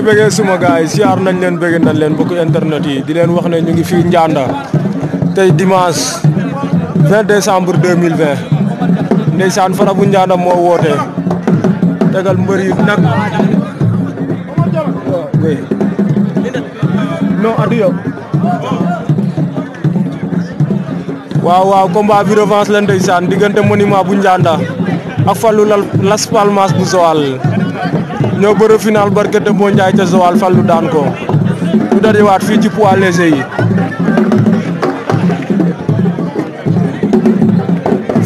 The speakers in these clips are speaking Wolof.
di bëggee suma gars yi siyaar nañ leen bëgg nañ leen bokk internet yi di leen wax ne ñu ngi fii Ndianda tey dimanche 20 décembre 2020 ndeysaan fara bu Ndianda moo woote tegal mbër yi nag non adu yow waaw waaw combat bi revanche la ndeysaan diggante monument bu Ndianda ak Fallou Las Palmas bu Joal ñoo bëre final barke de moo Ndiaye ca Zawal Fallou daan ko ñu dajewaat fii ci poids yi.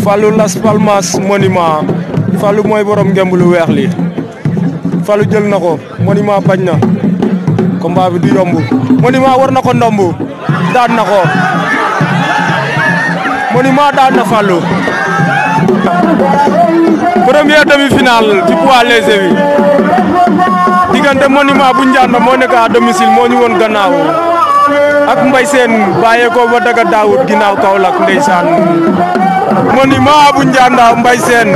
Fallou Las Palmas monument Fallou mooy borom ngemb lu weex li Fallou jël na ko monument bañ na combat bi du yomb monument war na ko daan na ko monument daan na Fallou. première demi-finale ci poids léger bi diggante monument bu Ndianda moo nekk à domicile moo ñu woon gannaaw ak mbay seen bàyyeekoo ba daga daawut ginnaaw Kaolack ndeysaan monument bu Ndianda mbay seen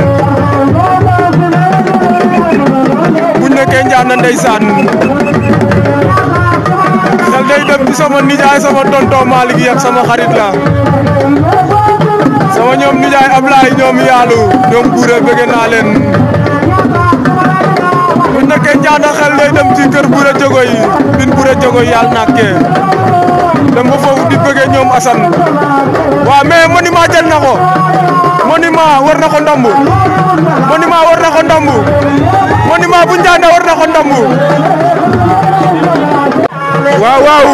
buñ nekkee Ndianda ndeysaan xel nijaay sama tonton ñoom yaalu ñoom buure bëgg bu nekkee Ndianda xel day dem ci kër Bura Jogo bin Bura Jogo yi yàlla nàkkee dem ba di bëggee ñoom Assane waaw mais monument jël na ko na ko ndambu monument war na ko ndambu monument bu Ndianda war na ko ndambu waaw waaw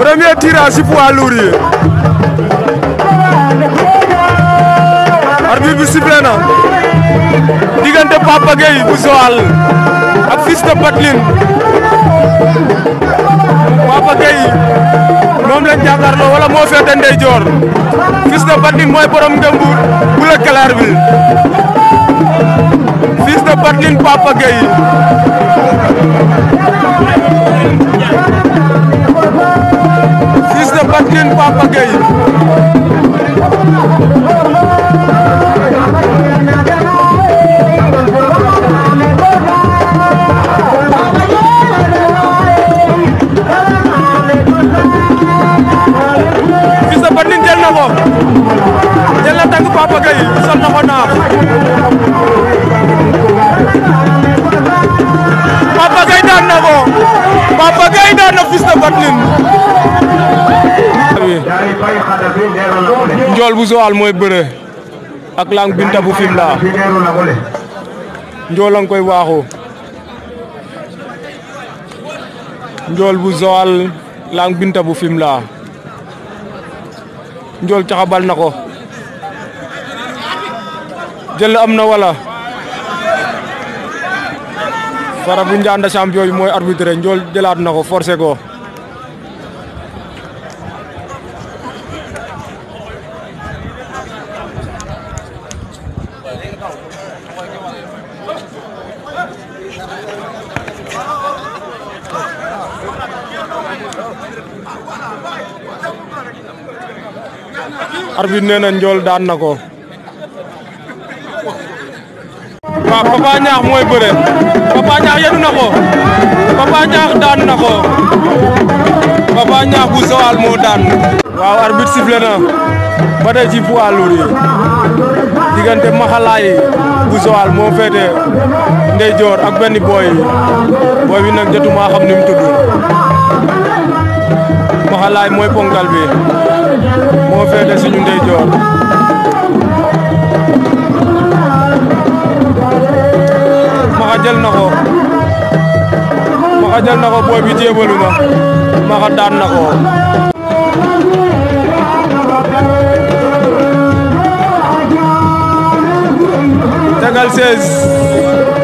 premier tirage ci yi arbitre bi diggante Papa Gueye bu Joal ak fils de Patlin Papa Gueye moom lañ jàkkaarloo wala moo féete ndeyjoor fils de Patlin mooy borom ngëm bu bu la kalaar bi fils de Patlin na ko jël na njool bu Joal mooy bëre ak lang binta bu Fimela njool ang koy waaxu njool bu Joal lang binta bu Fimela njool caxabal na ko jël am na wala fara bu njanda champion bi mooy arbitre njool jëlaat na ko forcé ko arbitre nee na njool Papa Niakh mooy bëre Papa Niakh yenu na ko Papa Niakh daan na ko Papa Niakh bu sowal moo daan. waaw arbitre sifflé na ba tey ci poids yi diggante maxalaay bu sowal moo féete ndeyjoor ak benn booy booy bi nag jotuma xam ni mu maxalaay mooy ponkal bi. moo féete suñu ndeyjoor maxa jël na ko maxa jël na ko na maxa daan na ko tegal 16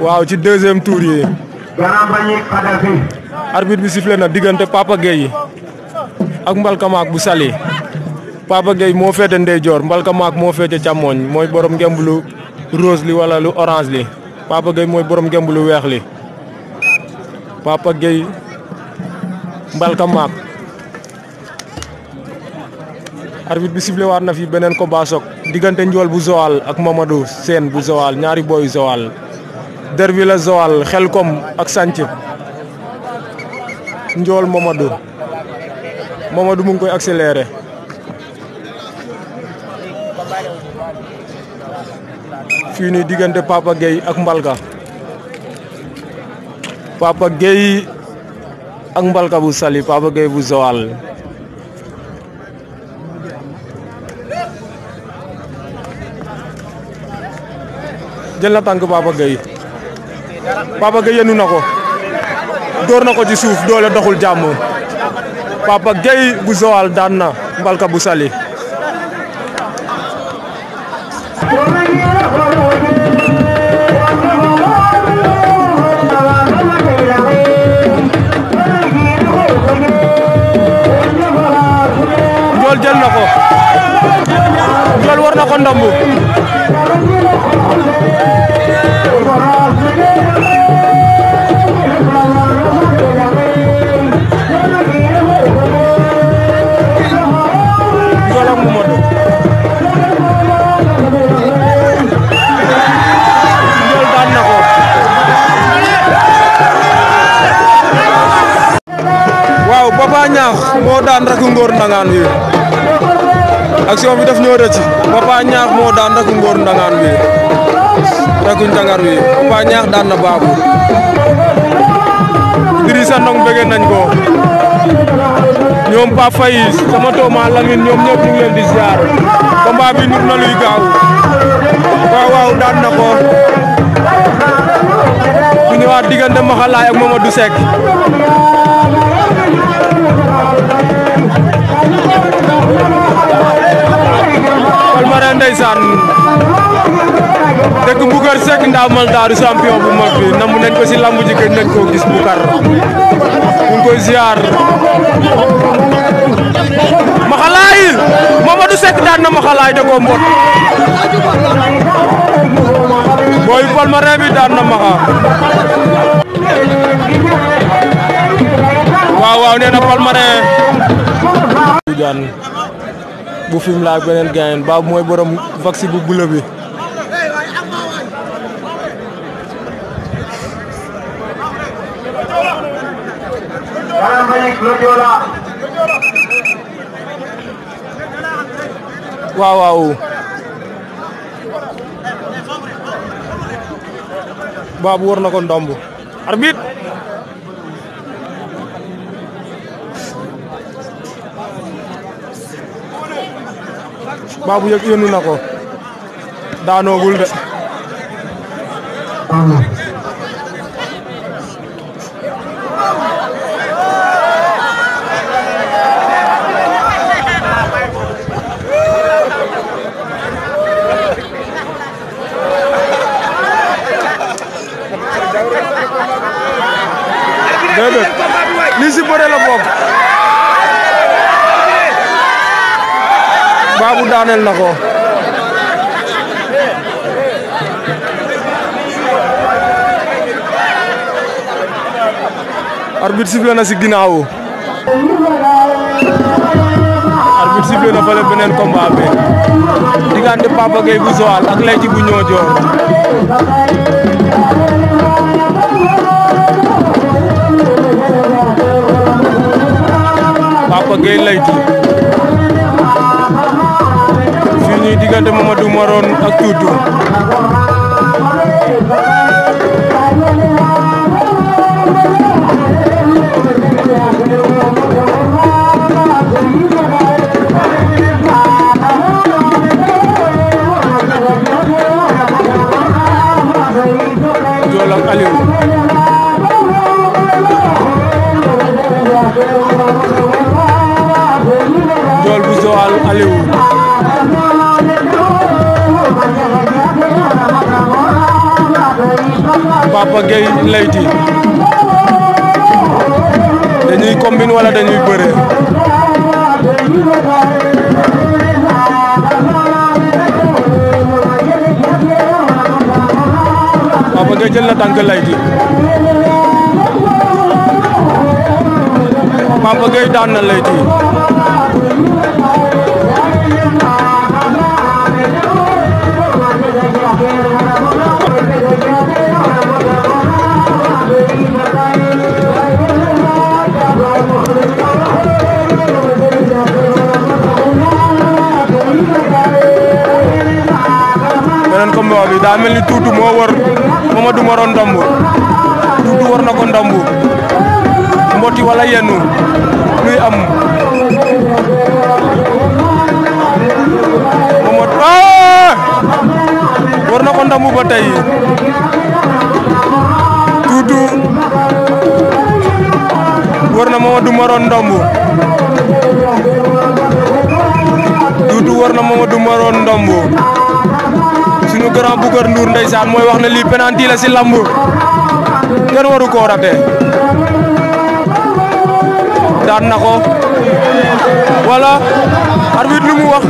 waaw ci deuxième tour yi arbitre bi sifflé na diggante Papa Gueye ak mbalkamak bu Sali Papa Gueye moo féete ndeyjoor mbalkamak mo fété chamoñ moy borom gemblu rose li wala lu orange li Papa Gueye moy borom gemblu lu li Papa Gueye mbalkamak arbitre bi sifflé war na fi benen combat sok diggante njool bu zoal ak Mamadou sen bu zoal ñaari boy zoal derby la Joal Xelkom ak Santhié Njool Momadou Momadou mu ngi koy accéléré fii nii diggante Papa Gueye ak Mbalka Papa Gueye ak Mbalka bu Saly Papa Gueye bu Joal jël na tànk Papa Papa Gueye yenu na ko dóor ci suuf doole doxul jàmm Papa Gueye bu Joal daan na Mbalka bu Saly Joal jël na ko Joal war na moo daan ragu ngóor nangaan wi action bi def ñoo rëcc papa ñaax mo daan rek ngor ndangaan bi rek ñu tangar bi papa ñaax daan na baabu Idrissa Ndong bege nañ ko ñom pa Faye sama to tooma Lamine ñom ñepp ñu leen di ziar combat bi nur na luy gaaw waaw waaw daan na ko ku ñëwaat ma xalaay ak momadou sek Ndaa Mal Daaru champion bu mag bi namm nañ ko si lamb ji nañ koo gis bu kar ñu ngi koy ziar maxalaay Mamadou Seck daan na maxalaay da booy palmarin bi daan na maxa waaw waaw nee palmarin bu fi laa beneen gayen baabu mooy borom vaccin bu bula bi waaw waaw Babou wër na ko ndomb arbitre Babou yëg na ko daanoogul de daaneel na ko arbitre sifflé na si ginnaaw arbitre sifflé na fële beneen combat bi diggante Papa Gueye bu Joal ak Lay bu Niodior Papa Gueye Lay Dji nii diggante Mamadou Morone ak Doudou Papa Gueye Leyti dañuy combine wala dañuy bëre Papa Gueye jël na tànk Leyti Papa Gueye daan na Leyti combat bi daa mel ni tuutu moo war Mamadou Maro ndombu tuutu war na ko ndombu mboti wala yennu luy am Mamadou ah war na ko ndombu ba tey tuutu war na Mamadou Maro ndombu tuutu war na Mamadou Maro ndombu suñu grand Boucar Ndour ndeysaan mooy wax ne lii penalty la si lamb kenn waru koo raté daan na ko wala arbitre lu mu wax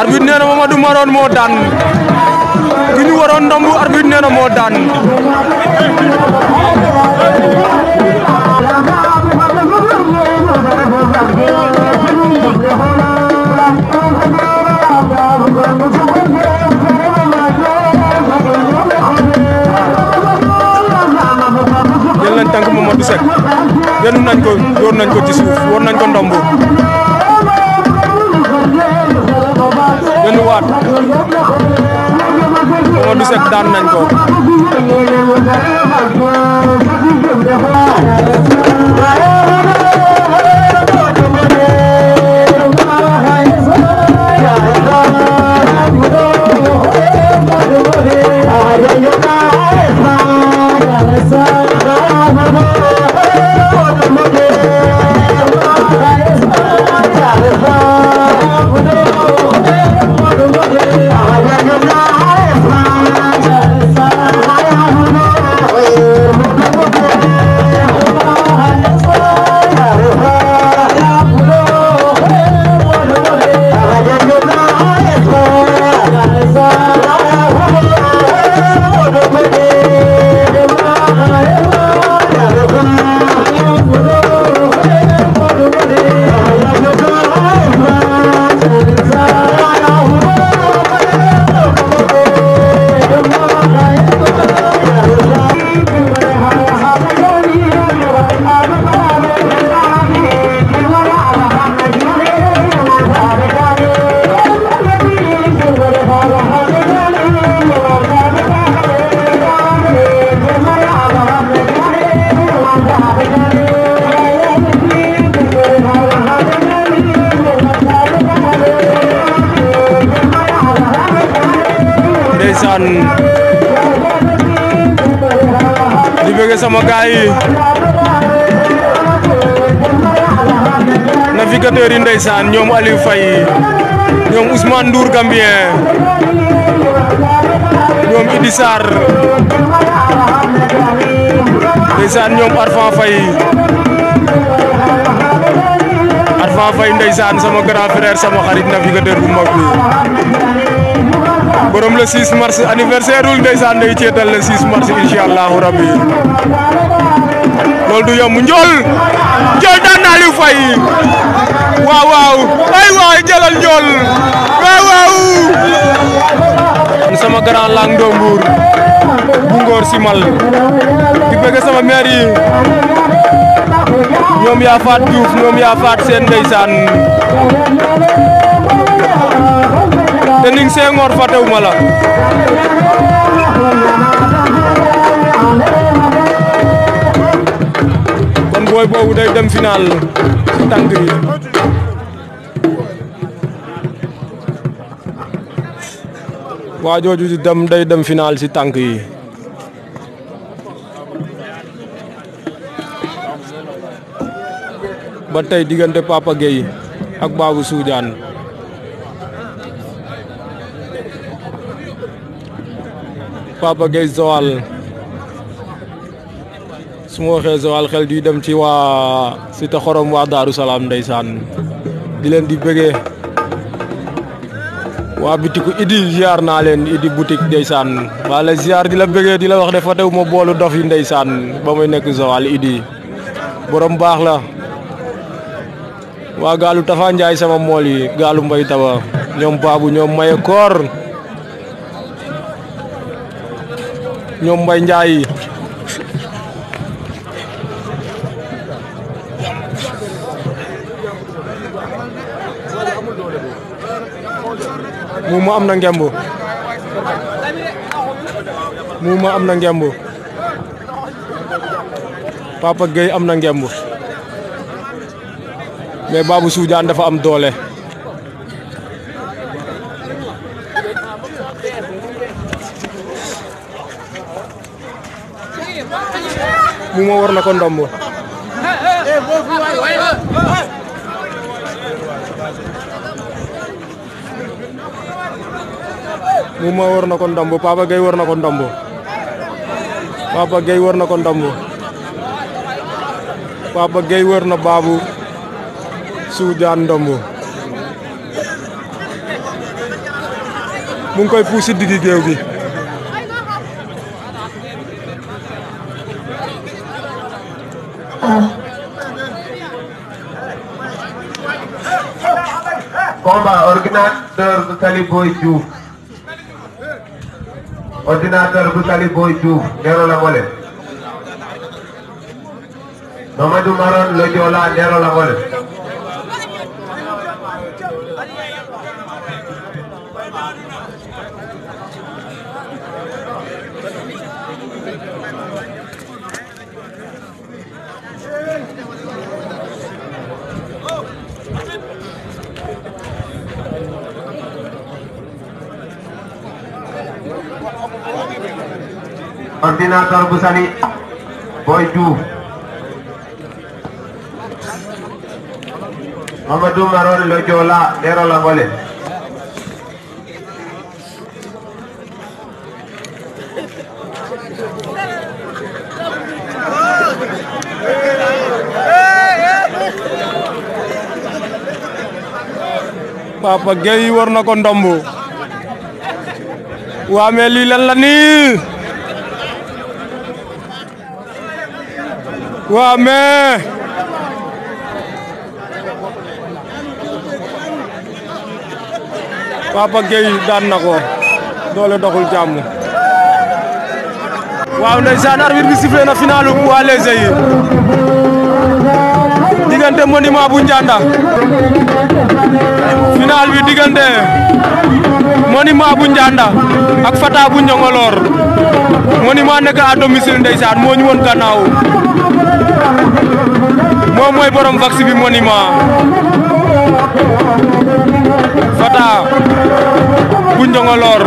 arbitre nee na Mamadou Maron moo daan ki ñu waroon ndombu arbitre nee na moo daan Mamadou Seck yenu nañ ko dóor nañ ko ci suuf war nañ ko ndomb yenu waat Mamadou Seck daan nañ ko amateurs ñoom Aliou Faye ñoom Ousmane Ndour Gambien ñoom Idi Sarr ndeysaan ñoom Arfan Faye Arfan Faye ndeysaan sama grand frère sama xarit navigateur bu mag bi borom le 6 mars anniversaire ul ndeysaan ceetal le 6 mars incha allahu rabbi loolu du yomb njool njool daan naa Aliou Faye waaw waaw ay waay jëlal njool waaw waaw sama grand lang Ndombour bu Ngor Simal di bëgg sama maire yi ñoom yaa faat Diouf ñoom yaa faat seen ndeysaan te ni nga see ngor fàttewuma la kon booy day dem final tànk yi wajoju di dem day dem final si tank yi ba tay diggante Papa gay, ak babu soudian Papa gay zoal sumo ma zoal xel di dem ci waa Cité Xorom wa daru salam ndaysan di len di bëggee waa bitiku idi ziar naa leen idi boutique ndeysaan waa la ziar di la bëggee di la wax dafa tew ma boolu dof yi ndeysaan ba muy nekk Joal idi borom baax la waa gaalu Tafa Njaay sama mool yi gaalu mbay taba ñoom baabu ñoom maye koor ñoom mbay Njaay mu am na ngemb mu am na papa gay am na ngemb mais babu soudiane dafa am dole, mu war na ko ndombo Mouma warna na ko ndombo Papa gay warna na ko ndombo Papa gay warna na ko ndombo Papa gay warna babu Babou Soudiane ndombo mu koy puus si diggi gi combat organisateur de Diouf ordinateur bu Sali Boy Diouf Ndero la Ngolé. Mamadou Maron Lodiola Ndero la Ngolé. ordinator busani boy diouf mamadou maron lo jola dero la ngole Papa Gueye war na ko ndombo wa mais lan la ni waaw mais Papa Gueye daan na ko doole doxul jàmm waaw ndeysaan arbitre bi sifflé na finalu poids léger yi diggante monument bu Ndianda final bi diggante monument bu Ndianda ak Fata bu Njongolor monument nekk à domicile ndeysaan moo ñu woon gannaaw moom mooy borom vax bi monument Fata bu Njongoloor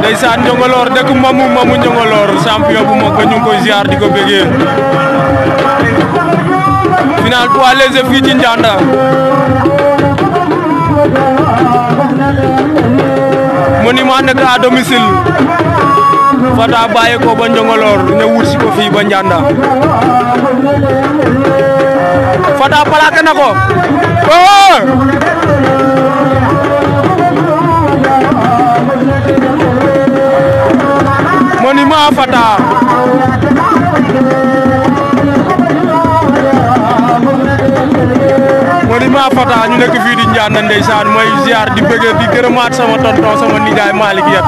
ndeysaan Njongoloor dëkk mamu mamu Njongoloor champion bu mag ba ñu koy ziar di ko bégee final poids léger fii ci Ndianda monument nekk Fata bàyyi ko ba Njongoloor ne wut si ko fii ba Njanda Fata plaqué na ko oh monument Fata ma Fata ñu nek fi di ñaan ndeysaan moy ziar di bëgg di gërëmaat sama tonto sama nijaay malik Yat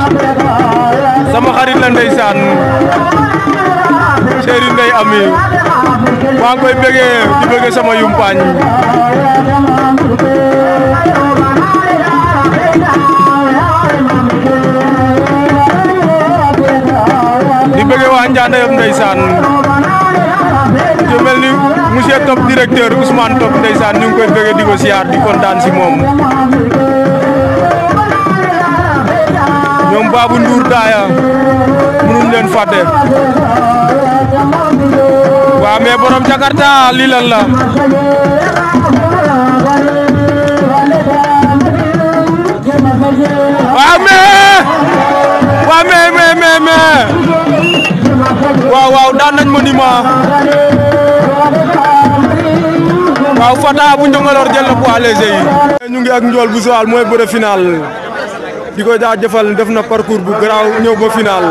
sama xarit la ndeysaan chéri ndey ami ma ngoy bëgge di bëgge sama yumpañ di bëgge wa ñaan ndeysaan le top directeur Ousmane Top ndeysaan ñu ngi koy bëgg di ko siyaar di contane ci mom ñom babu Ndour Daaya mënuñ leen faté wa mais borom Jakarta lii lan la waaw mais waaw mé mé mé wa wa daan nañ ma waaw Fata bu Ndongolor jël na poids léger yi. ñu ak njool bu Joal mooy bëre final di ko jaajëfal def na parcours bu garaaw ñëw ba final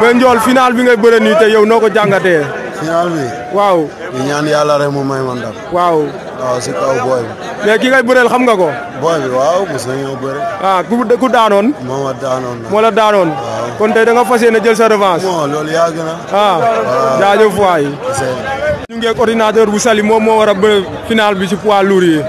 mais njool final bi ngay bëre nii te yow noo ko jàngatee. final bi. waaw. ñu ñaan yàlla rek mu may man waaw. waaw si kaw booy bi. mais ki ngay bëreel xam nga ko. booy bi waaw mos nañoo bëre. ah ku ku daanoon. moo ma daanoon. la daanoon. kon tey da nga fas yéene jël sa revanche. bon loolu ngeeg ordinateur bu Saly moom moo war a bëre final bi ci poids lourd yi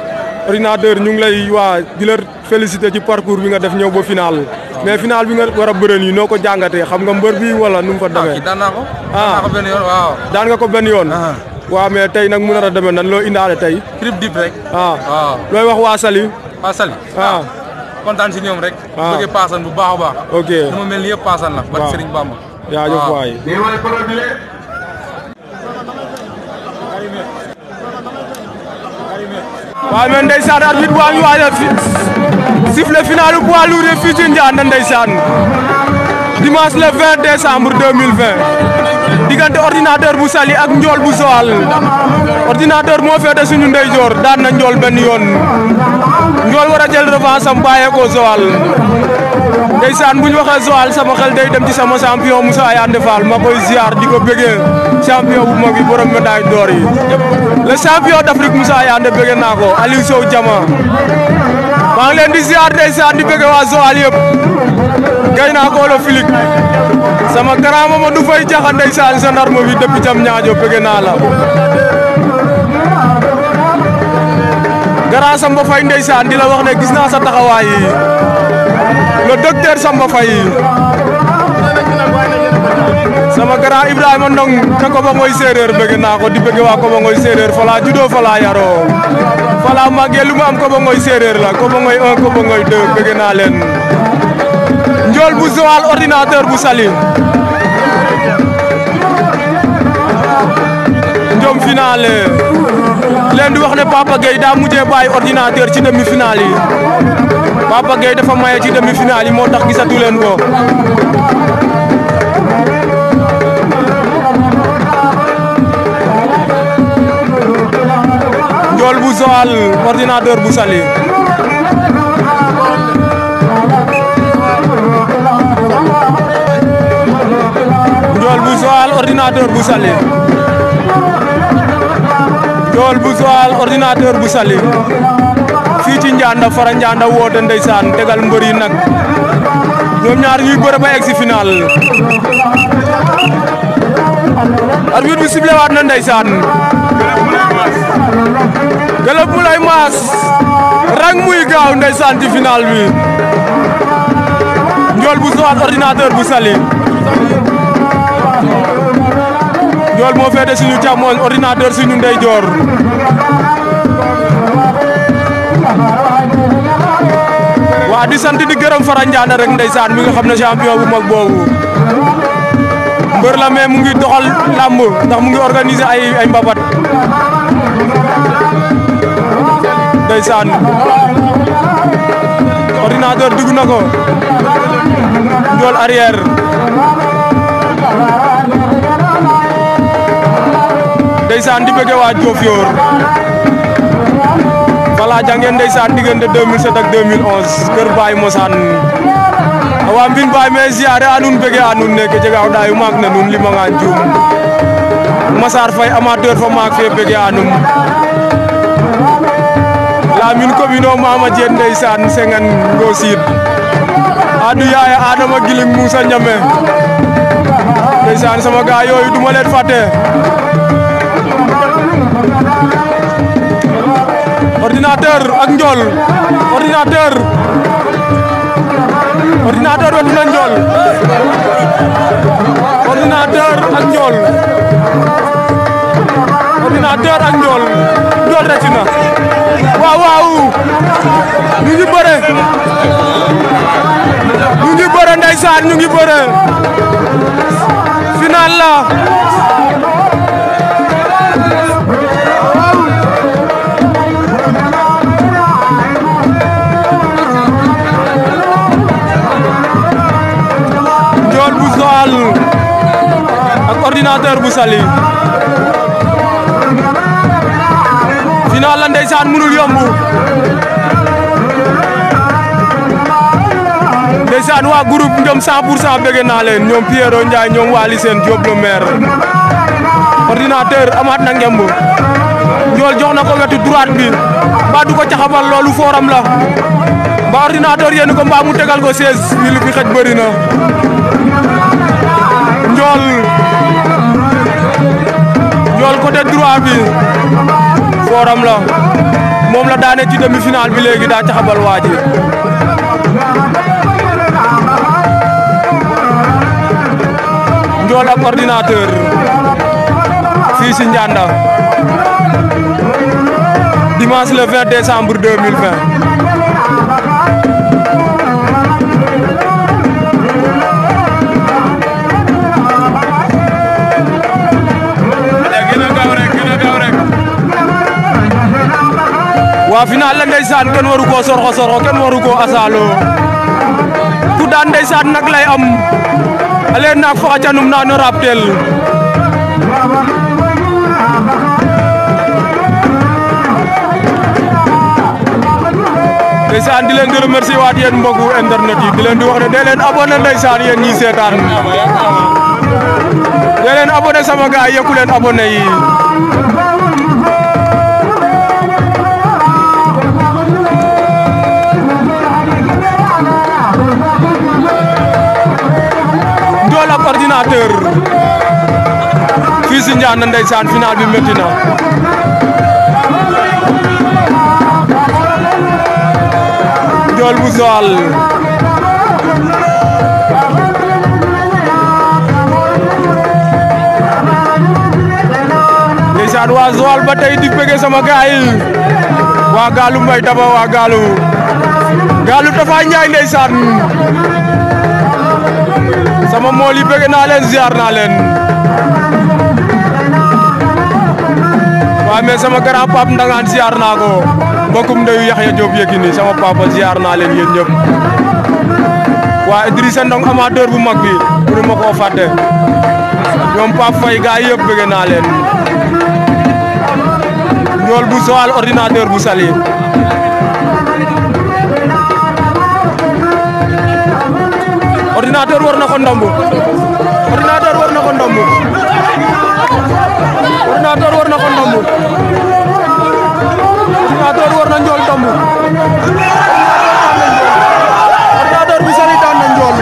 ordinateur ñu ngi lay waa di la félicité ci parcours bi nga def ñëw ba final mais final bi nga war a bëre nii noo ko jàngatee xam nga mbër bi wala nu mu fa demee. Ah, daan ko ah. daan naa ko benn yoon waaw. nga ko benn yoon. Ah. waaw mais tey nag mu nar a demee nan loo indaale tey. trip dip rek. looy wax waa sali waa Saly waaw. kontaan si ñoom rek. waaw bëggee paasan bu baax a baax. ok nu mu mel nii yëpp paasan la. waaw barke Serigne Bamba. yaa jëf waay. waaye man ndeysaan arbitre waa ngi waaj a siffle bu poids lourd yi fii ci Ndianda ndeysaan dimanche le 20 décembre 2020 diggante ordinateur bu Saly ak njool bu Joal ordinateur moo féete suñu ndeyjoor daan na njool benn yoon njool war a jël revanche ko Joal ndeysaan bu ñu waxee Joal sama xel day dem ci sama champion Moussa Yande Fall ma koy ziar di ko bëggee champion bu mag bi borom médaille d'or yi le champion d'Afrique Moussa Yande bëggee naa ko Aliou Sow maa ngi di ziar ndeysaan di bëggee waa Joal yëpp gay naa ko la filik sama grand mama du fay jaxa ndeysaan gendarme bi depuis jam ñaajo bëggee naa la grand sam fay ndeysaan di la wax ne sa taxawaay le Samba Faye sama grand Ibrahima Ndong ca Koba séeréer bëgg di bëgg waa séeréer falaa juddoo falaa yaroo falaa màggee mu am Koba séeréer la Koba Ngoy 1 Koba Ngoy 2 bëgg naa leen bu Joal ordinateur bu Saly njom leen di wax ne Papa daa mujjee bàyyi ordinateur ci demi-finale yi Papa Gueye dafa maye ci demi-finale moo tax gisatu leen ko. Ndiol bu Joal ordinateur bu Saly. Ndiol bu Joal ordinateur bu Saly. Ndianda Fara Ndianda woote ndeysaan tegal mbër yi nag ñoom ñaar ñuy bëre ba egg si final arbitre na ndeysaan Galop Moulay rang muy gaaw ndeysaan ci final bi njool bu sowaat ordinateur bu sali njool moo féete suñu càmmoñ ordinateur suñu ndeyjoor waaw di sant di gërëm Fara Ndiané rek ndeysaan mi nga xam ne champion bu mag boobu mbër la mais mu ngi doxal làmb ndax mu ngi organiser ay ay mbapat ndeysaan ordinateur dugg na ko njool arrière ndeysaan di bëgg waa Diofior Fala jàngeen ndeysaan diggante 2007 ak kër Baye Mosaan awa mbin Baye me ziare anun bege anun neke jega o ɗayu maak na nuun limangaan juum Massar Faye amateur fa maak fe bege anum Lamine commune o Mama Diene ndeysaan sengan ngosiid Adou Yaye Adama Giling Moussa Ñame ndeysaan sama gaay yooyu duma leen fàtte ordinateur ak njool ordinateur ordinateur wetu na njool ordinateur ak njool ordinateur ak njool njool rëcc na waaw waaw ñu ngi bëre ñu ngi bëre ndeysaan ñu ngi bëre final la Fall ak ordinateur bu Saly final la ndeysaan mënul yomb ndeysaan waa groupe ñoom 100 pour cent bëgg naa leen ñoom Pierrot Ndiaye ñoom Waly Sène Diop le maire ordinateur amaat na ngemb ko wetu droite bi mbaa du caxabal loolu fooram la mbaa ordinateur yéen ko mbaa mu tegal ko 16 bi lu fi na njool njool côté droit bi fooram la moom la daane ci demi-finale bi léegi daa caxabal waa ji njool ak ordinateur fii si Ndianda dimanche le 20 décembre 2020 waaw final la ndeysaan kenn waru koo sorxo sorxo kenn asaalo ku daan ndeysaan nak lay am ale naak fo xa canum na no raab teel waat yéen mbokku internet yi di leen di wax ne dee leen abonné ndeysaan yéen ñi seetaan dee leen abonné sama gaay yëkku leen abonné amateur fii si Ndiane ndeysaan final bi métti na Ndiol bu Joal ndeysaan waa Joal ba tey di bëgg sama gaay waa Gaalu Mbay Daba waa Gaalu Gaalu Tafa Njaay ndeysaan sama mool yi bëgg naa leen ziar naa leen waaye mais sama grand pape Ndangaan ziar naa ko mbokkum ndeyu Yaxya Diop Yékini sama papa ziar naa leen yéen ñëpp waa Idrissa Ndong bu mag bi pour ñoom Pape Faye gaa yëpp bëgg naa leen ñool bu soal ordinateur bu sali ordinateur war na ko ndomb ordinateur war na ko ndomb ordinateur war na ko ndomb ordinateur war na njool ndomb ordinateur bi sari daan na njool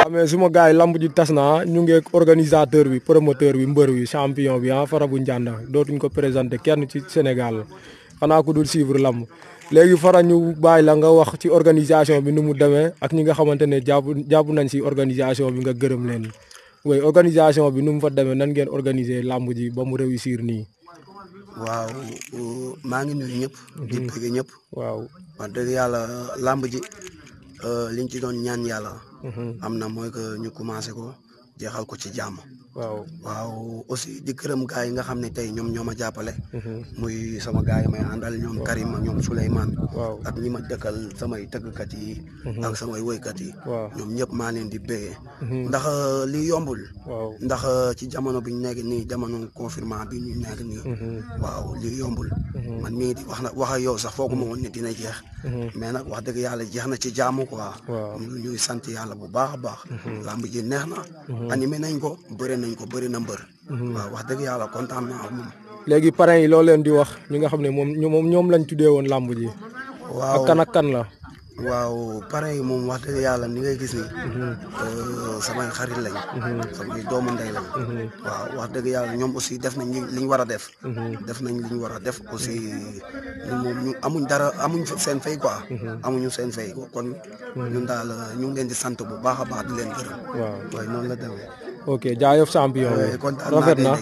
ah, mais suma gars yi lamb ji tas na ñu ngi organisateur bi promoteur bi mbër bi champion bi ah Fara bu Ndianda dootuñ ko présenté kenn ci Sénégal xanaa ku dul suivre lamb léegi fara ñu bàyyi la nga wax ci organisation bi nu mu demee ak ñi nga xamante ne jàpp jàpp nañ si organisation bi nga gërëm leen oui organisation bi nu mu fa demee nan ngeen organiser làmb ji ba mu réussir nii. waaw maa ngi nuyu ñëpp. Mhm. di bëgg ñëpp. waaw wax dëgg yàlla làmb ji euh, liñ ci doon ñaan yàlla. Mhm. am na mooy que ñu commencé ko jeexal ko ci jàmm. waaw waaw aussi di gërëm gars yi nga xam ne tey ñoom ñoo ma jàppale. Mhm. muy sama gars yi may àndal ñoom Karim ak ñoom Souleymane. waaw ak ñi a dëkkal samay tëggkat yi. Mhm. ak samay woykat yi. ñoom ñëpp maa leen di béyee. Mhm. ndax euh, li yombul. ndax euh, ci jamono biñ ñu nekk nii jamono confinement bi ñu nekk nii. waaw li yombul. man mii di wax na wax ak yow sax foog ma woon ne dina jeex. mais nag wax dëgg yàlla jeex na ci jaamu quoi. waaw ñuy sant yàlla bu baax a baax. làmb ji animé nañ ko nañ ko na mbër. Mhm. waaw wax dëgg yàlla kontaan naa moom. léegi parrain yi lool leen di wax ñi nga xam ne moom ñoom ñoom lañ tuddee woon làmb ji. waaw ak kan kan la. waaw parrain yi moom wax dëgg yàlla ni ngay gis ni mhm. euh, samay xarit lañ. Mhm. samay doomu ndey la waaw wax dëgg yàlla ñoom aussi def nañ liñ ñu war a def. def nañ li ñu war a def aussi ñun moom amuñ dara seen fey ko amuñu seen fay kon. ñun daal euh, ñu ngi leen di sant bu baax a baax di leen gërëm. waaw waaye noonu la demee. ok jaayëf champion eh, rafet na